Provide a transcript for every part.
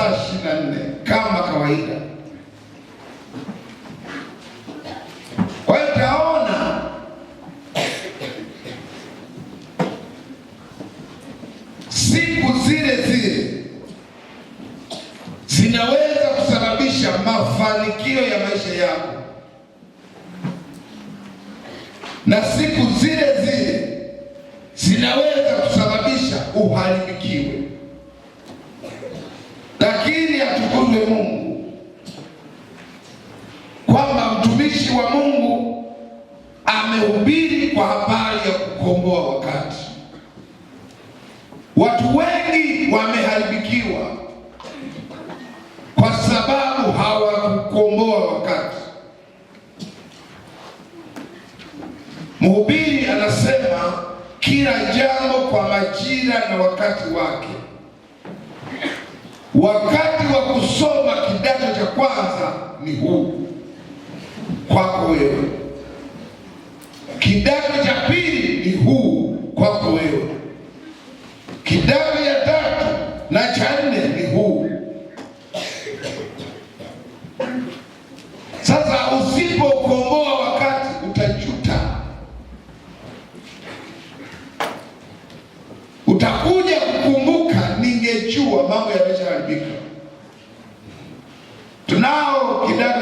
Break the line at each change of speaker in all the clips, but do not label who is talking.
masaa ishirini kama kawaida. Watu wengi wameharibikiwa kwa sababu hawakukomboa wakati. Mhubiri anasema kila jambo kwa majira na wakati wake. Wakati wa kusoma kidato cha kwanza ni huu kwako wewe, kidato cha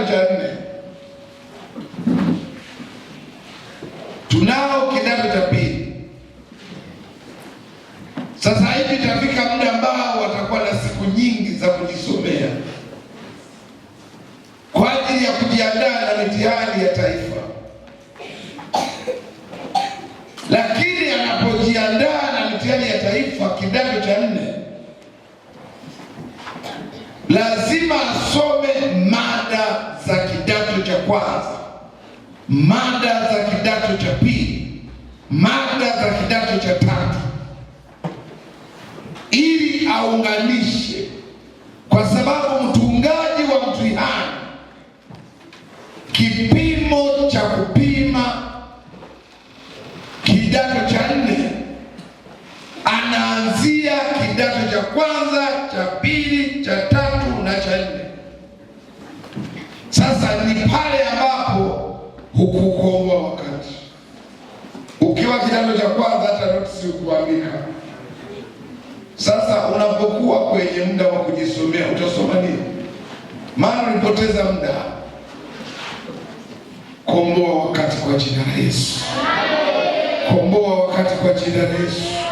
Imagine kwanza, mada za kidato cha pili, mada za kidato cha tatu, ili aunganishe, kwa sababu mtungaji wa mtihani, kipimo cha kupima kidato cha nne anaanzia kidato cha kwanza, cha pili hukukomwa wakati ukiwa kidato cha kwanza, hata notisi ukuandika. Sasa unapokuwa kwenye muda wa kujisomea utasoma nini? Maana ulipoteza muda. Komboa wakati kwa jina la Yesu, komboa wakati kwa jina la Yesu.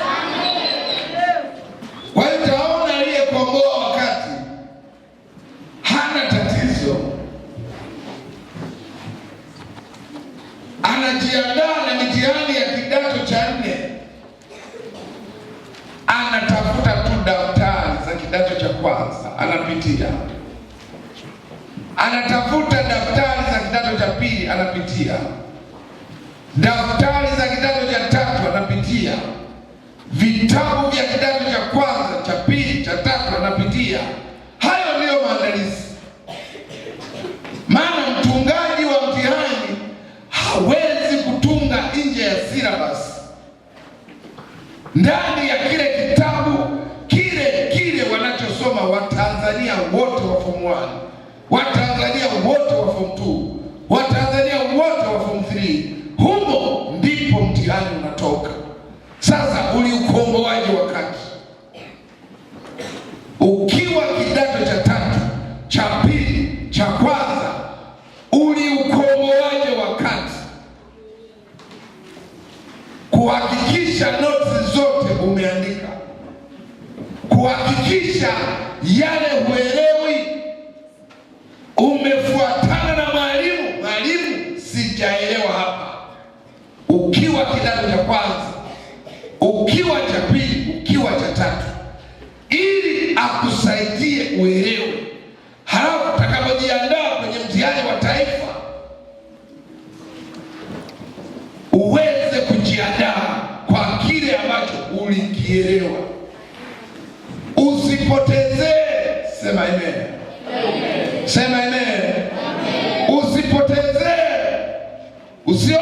napitia vitabu vya kidato cha kwanza, cha pili, cha tatu, anapitia hayo. Ndiyo maandalizi, maana mtungaji wa mtihani hawezi kutunga nje ya silabasi ndani ya kuhakikisha notes zote umeandika, kuhakikisha yale we Sema enee, usipotezee usio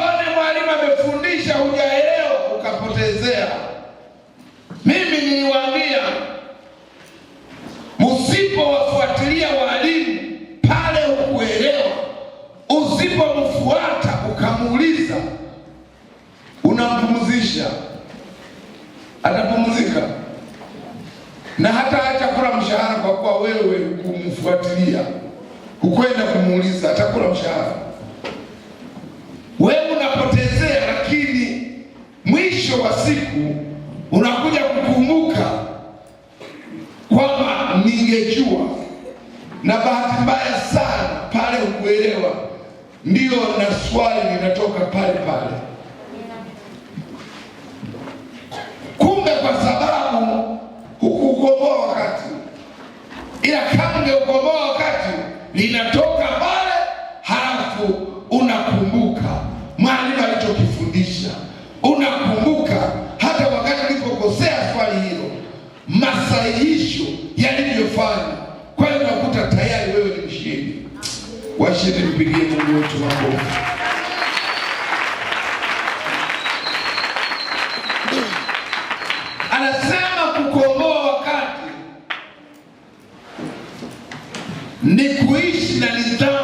ningejua, na bahati mbaya sana pale hukuelewa, ndiyo na swali linatoka pale pale. Kumbe kwa sababu hukukomboa wakati, ila kama ungekomboa wakati linatoka Washindi, mpigie Mungu wetu makofi. Anasema kukomboa wakati ni kuishi na nidhamu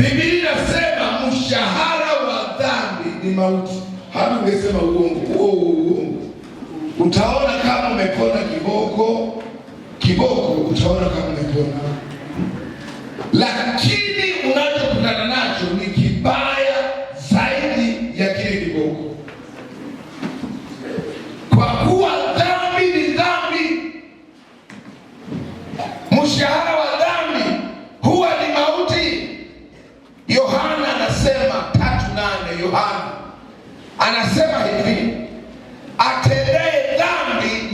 Biblia inasema mshahara wa dhambi ni mauti. Hata ungesema uongo huo uongo, utaona kama umepona kiboko kiboko, utaona kama umepona lakini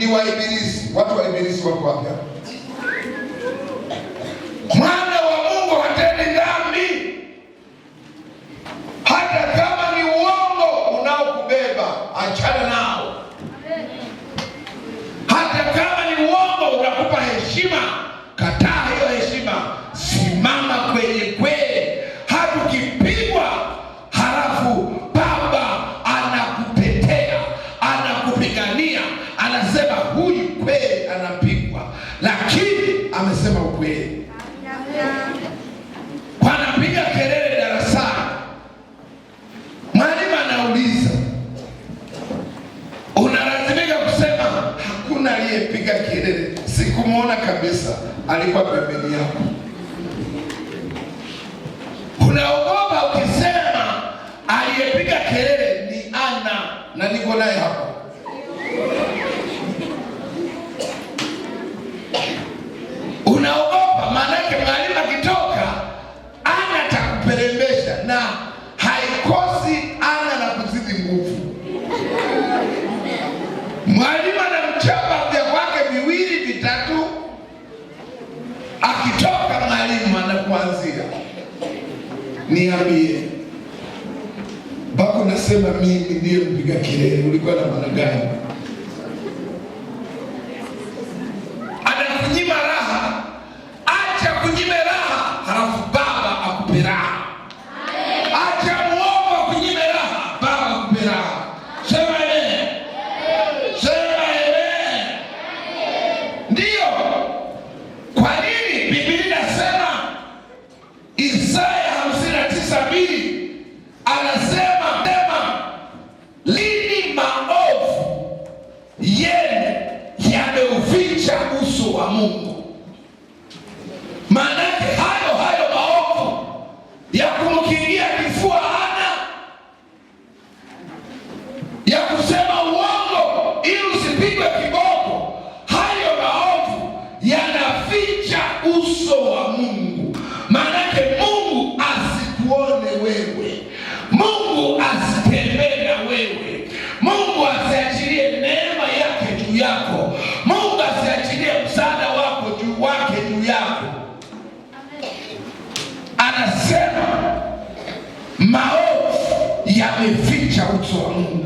ni wa Ibilisi. Watu wa wako wapi kabisa alikuwa pembeni yako. Unaogopa ukisema aliyepiga kelele ni Ana, na niko naye hapa kama lima anakuanzia niambie bako, nasema mimi ndiye mpiga kelele, ulikuwa na maana gani? wa Mungu. Maana I'm sorry.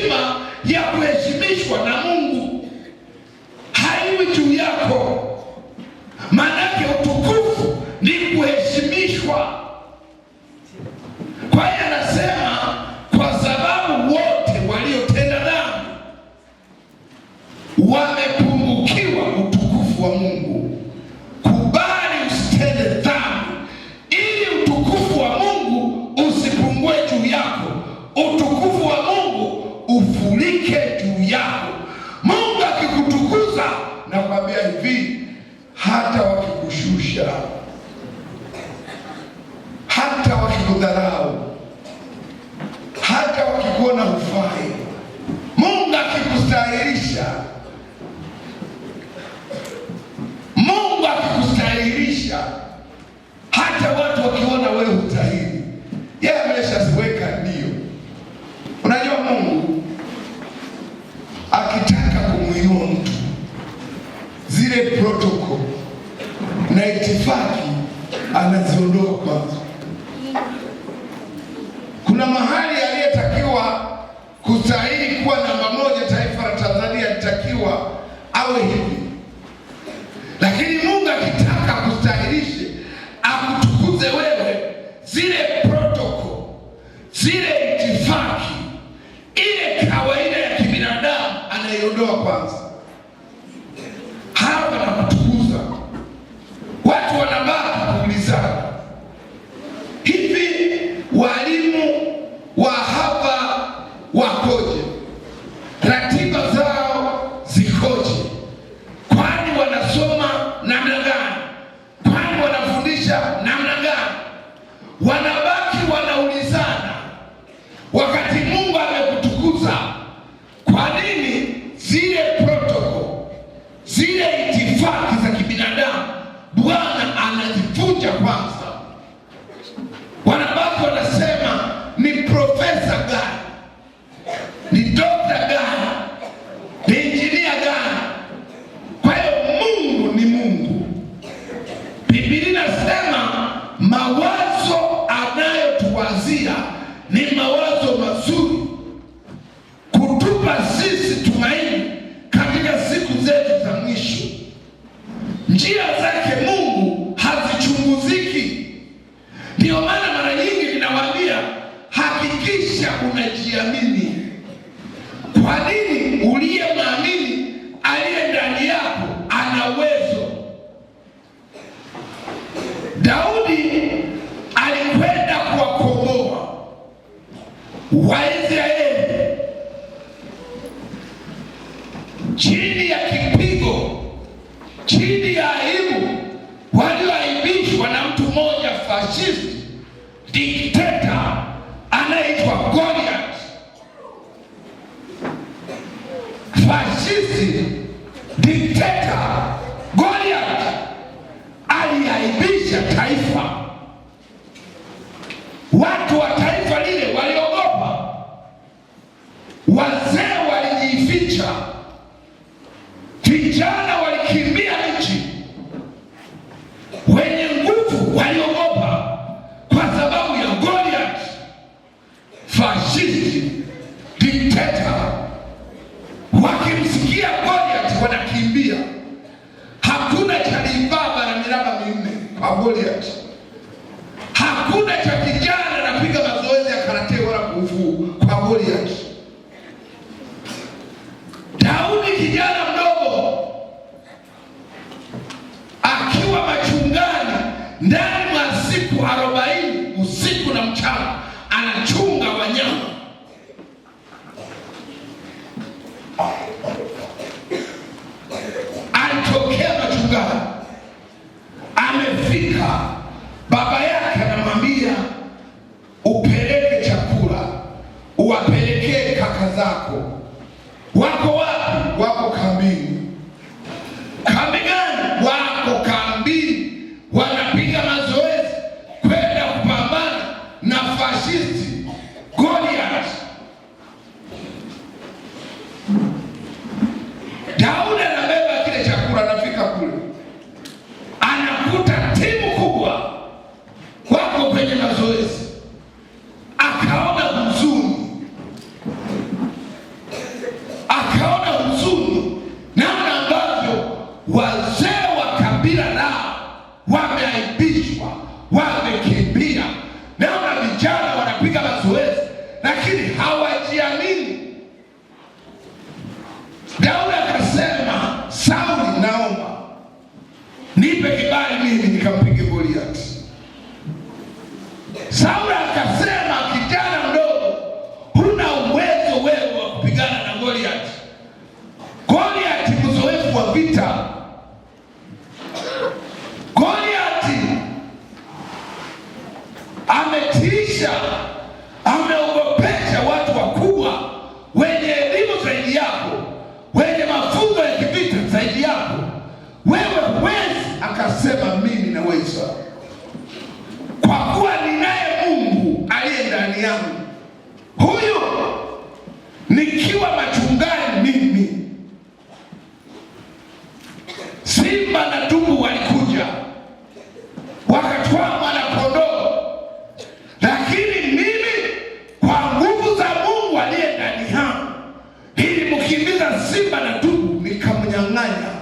heshima ya kuheshimishwa na Mungu haiwi juu yako maana cultural La gente zile protokol zile itifaki za kibinadamu Bwana anazifunja kwanza. hakikisha unajiamini. Kwa nini? Uliye maamini aliye ndani yako ana uwezo. Daudi alikwenda kuwakomboa Waisraeli chini ya kipigo, chini ya aibu, walioaibishwa na mtu mmoja fashisti dikteta anayeitwa Goliath. fasisi dikteta Goliath aliaibisha taifa What Now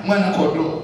mwana kodoo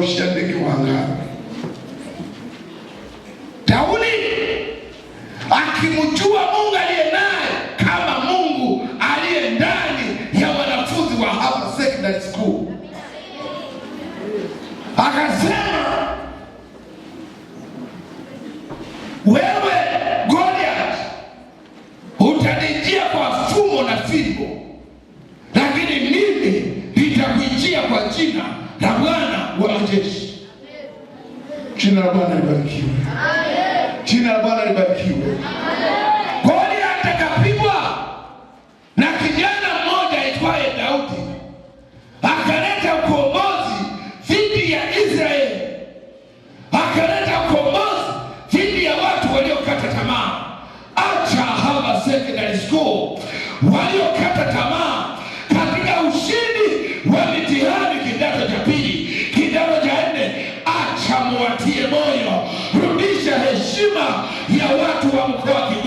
ushadiki wangapi? Daudi akimjua Paulo deu aqui.